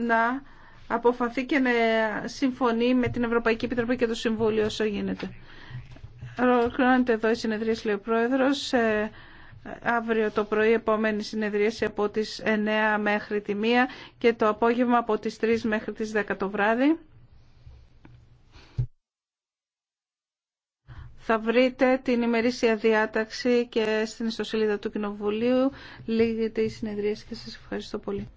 να αποφαθεί και να συμφωνεί με την Ευρωπαϊκή Επιτροπή και το Συμβούλιο όσο γίνεται. Ολοκληρώνεται εδώ η συνεδρία, λέει ο Πρόεδρο. Ε, αύριο το πρωί, επόμενη συνεδρίαση από τι 9 μέχρι τη 1 και το απόγευμα από τι 3 μέχρι τι 10 το βράδυ. Θα βρείτε την ημερήσια διάταξη και στην ιστοσελίδα του Κοινοβουλίου. Λίγη τη συνεδρίαση και σας ευχαριστώ πολύ.